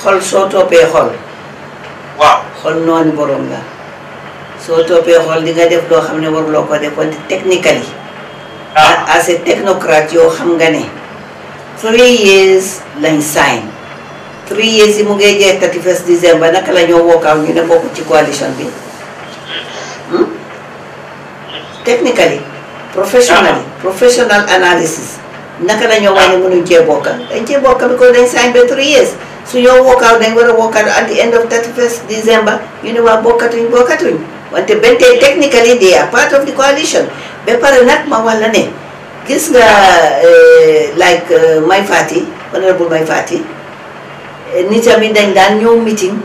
xol soo toppee xol. waaw xol noonu borom la soo toppee xol di nga def loo xam ne waruloo ko def wante technical yi. ah technocrate yoo xam nga ne. three years lañ sign. three years yi mu ngi jeex 31 décembre naka la ñoo wokkaaw ñu ne bokk ci coalition bi. Hmm? technically professionally ah. professional analysis naka la ñoo wax ne mënuñ cee bokka dañ cee bokka because they signed by three years su ñoo wokkaaw dañ war a wokkaaw at the end of 31st December ñu ne waa bokkatuñ bokkatuñ wante benn technically they part of the coalition ba pare nag ma wax la ne gis nga eh, like eh, Mai Fatty honorable Mai Fatty eh, nit yi dañ daan ñëw meeting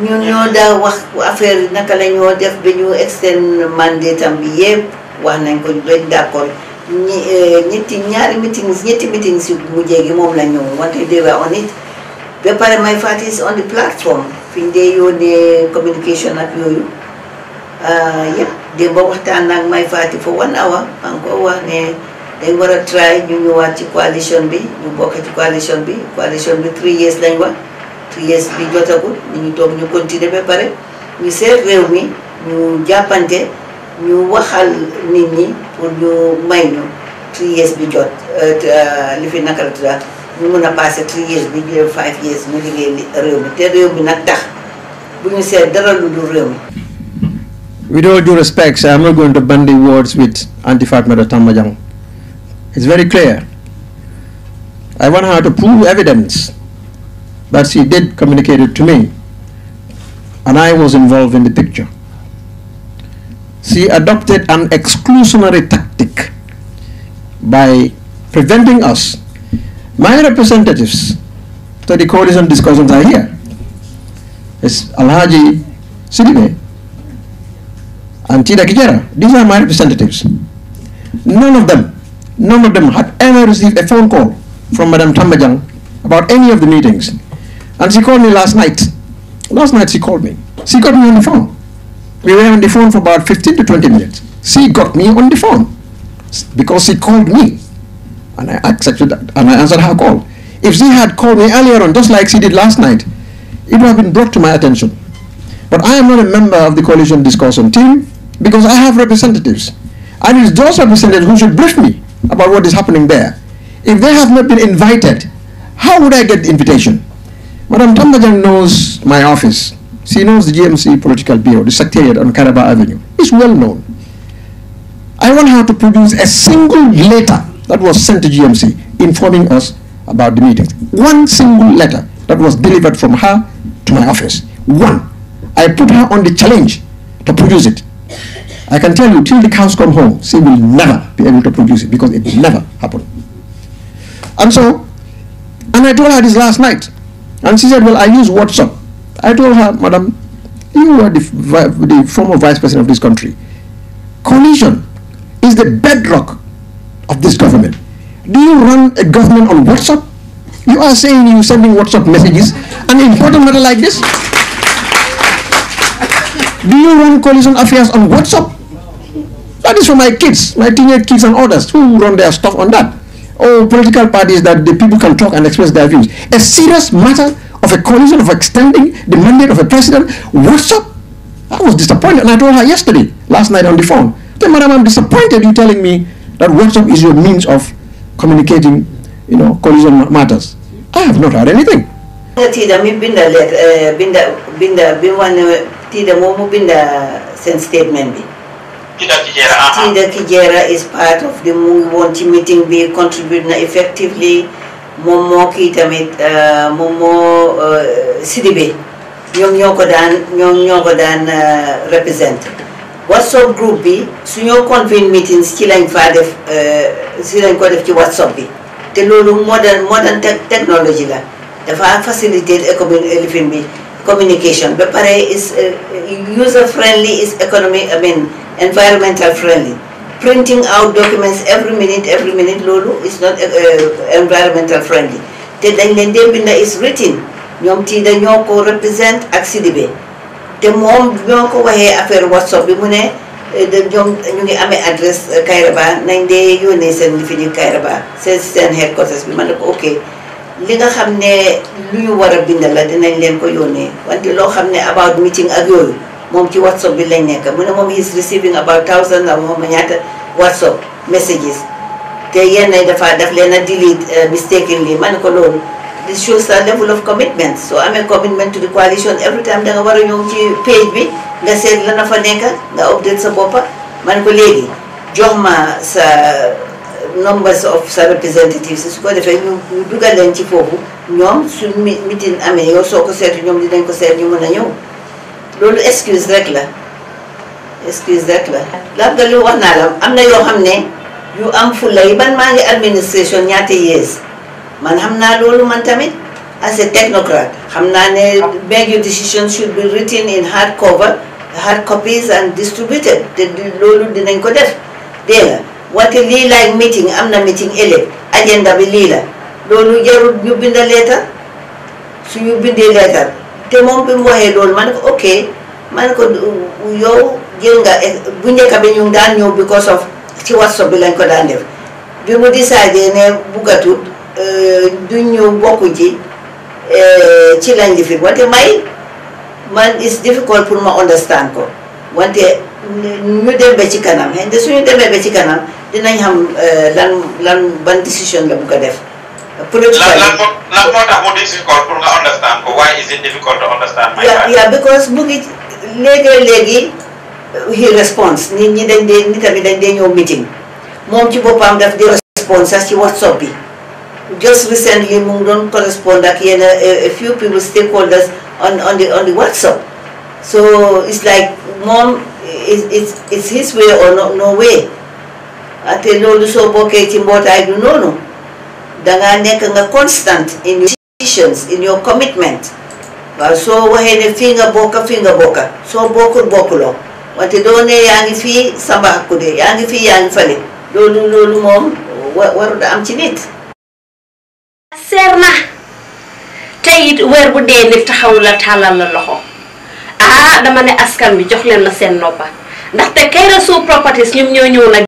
ñun ñoo daa wax affaire naka la ñoo def ba ñu extend mandatam bi yëpp wax nañ ko dañ d'accord Eh, ñetti ñaari meetings ñetti meetings yu mujjee gi moom la ñu wante they were on it ba pare my fat is on the platform fi ñu dee yónnee communication ak yooyu ah, yëpp de ba waxtaan ak may faati for one hour maa ngi wax ne dañ war a try ñu ñëwaat ci coalition bi ñu bokk ci coalition bi coalition bi three years lañ wax three years bi jotagul ñu toog ñu continuer ba pare ñu seet réew mi ñu jàppante ñu waxal nit ñi pour ñu may ñu bi jot euh, euh, li fi ñu mën a passé bi ñu five years ñu liggéey réew mi te réew mi nag tax bu ñu seet dara lu dul réew mi. With all due respect, I'm not going to bandy words with anti-fact Antifatma Tamajang. It's very clear. I want her to prove evidence that she did communicate it to me, and I was involved in the picture she adopted an exclusionary tactic by preventing us, my representatives, to the coalition discussions are here. It's Alhaji Sidibe and Tida Kijera. These are my representatives. None of them, none of them had ever received a phone call from Madam Tambajang about any of the meetings. And she called me last night. Last night she called me. She got me on the phone. We were on the phone for about 15 to 20 minutes. She got me on the phone because she called me. And I accepted that and I answered her call. If she had called me earlier on, just like she did last night, it would have been brought to my attention. But I am not a member of the coalition discussion team because I have representatives. And it's those representatives who should brief me about what is happening there. If they have not been invited, how would I get the invitation? Madam Tambajan knows my office. She knows the GMC political bureau, the secretariat on Caraba Avenue. It's well known. I want her to produce a single letter that was sent to GMC informing us about the meetings. One single letter that was delivered from her to my office. One. I put her on the challenge to produce it. I can tell you, till the cows come home, she will never be able to produce it because it never happened. And so, and I told her this last night. And she said, well, I use WhatsApp I told her, Madam, you are the, the former vice president of this country. Coalition is the bedrock of this government. Do you run a government on WhatsApp? You are saying you're sending WhatsApp messages, an important matter like this? Do you run coalition affairs on WhatsApp? That is for my kids, my teenage kids and others who run their stuff on that. Or oh, political parties that the people can talk and express their views. A serious matter of a coalition of extending the mandate of a president. What's up? I was disappointed, and I told her yesterday, last night on the phone. Then, madam, I'm disappointed you telling me that WhatsApp is your means of communicating, you know, coalition matters. I have not heard anything. Tida mi binda let eh, binda binda bin wane eh, binda sen statement bi tiida kijera is part of the mu won ci meeting bi contribute effectively moom moo mit. tamit eh, Sidibé ñoom ñoo ko daan ñoom ñoo ko daan uh, représenté WhatsApp groupe bi suñoo convene meetings ci lañ faa def si lañ ko def ci WhatsApp bi te loolu modern modern technology la dafa faciliter lifin bi communication ba pare is uh, user friendly is economy I mean environmental friendly printing out documents every minute every minute lulu is not uh, environmental friendly te dañ leen dee binda is written ñoom Tida ñoo ko représente ak bi te moom ñoo ko waxee affaire WhatsApp bi mu ne eh, ñoom ñu ngi amee adresse eh, Kayraba nañ dee yónnee seen li fi ñu Kayraba seen seen headquarters bi ma ne ko ok li nga xam ne lu ñu war a bind la dinañ leen ko yónnee wante loo xam ne about meeting ak yooyu moom ci WhatsApp bi lañ nekk mu ne moom is receiving about thousand la moom ma ñaata WhatsApp messages te yenn dafa daf leen a delete eh, mistakenly ma ne ko loolu it shows sa level of commitment so amee commitment to the coalition every time da nga war a ñëw ci page bi nga seet la na fa nekk nga update sa boppa man ko léegi jox ma sa numbers of sa representatives su ko defee ñu ñu leen ci foofu ñoom su mi meeting amee yow soo ko seetu ñoom dinañ ko seet ñu mën a ñëw loolu excuse rek la excuse rek la. laaj nga lu wax naa la am na yoo xam ne yu am fulla yi ban maa ngi administration ñaata yees. Man Hamnal Man, Tamit, As a technocrat, Hamnane Begu decisions should be written in hardcover, hard copies and distributed. The Lulu didn't go there. There. What a Lila meeting, Amna meeting Ele, agenda be Lila. Lulu Yarud, you been the letter? So you been the letter. te moom bi mu waxee loolu ma ko ok man, ne ko yow jël nga bu njëkk bi ñu daan ñëw because of ci WhatsApp bi lañ ko daan def bi mu décidé ne buggatut Euh, duñu bokk ci euh, ci language wante may man it's difficult pour ma understand ko wante ñu dem ba ci kanam xëy suñu demee ba ci kanam dinañ xam euh, lan lan ban décision la bu ko def. political lan lan moo tax mu difficult pour nga understand ko why is it difficult to understand. my yeah yeah because mu ngi léegi léegi. he response nit ñi dañ dee nit tamit dañ dee ñëw meeting moom ci boppam daf di response sax ci WhatsApp bi. just recently mu doon correspond ak yenn uh, a few people stakeholders on on the on the WhatsApp so it's like mom it's it's it's his way or no no way I ate loolu soo bokkee ci mbootaay du noonu dangaa nekk a constant in your decisions in your commitment waaw soo waxee ne fii nga bokka fii nga bokka soo bokkul bokkuloo wante doo ne yaa ngi fii Samba Akude yaa ngi fii yaa ngi fale loolu mom what warul am ci nit seer na te it weer bu dee nit taxaw la tàllal la loxo ah dama ne askan bi jox leen ma seen noppa ndaxte Kayra Shoe Properties ñoom ñoo ñëw nag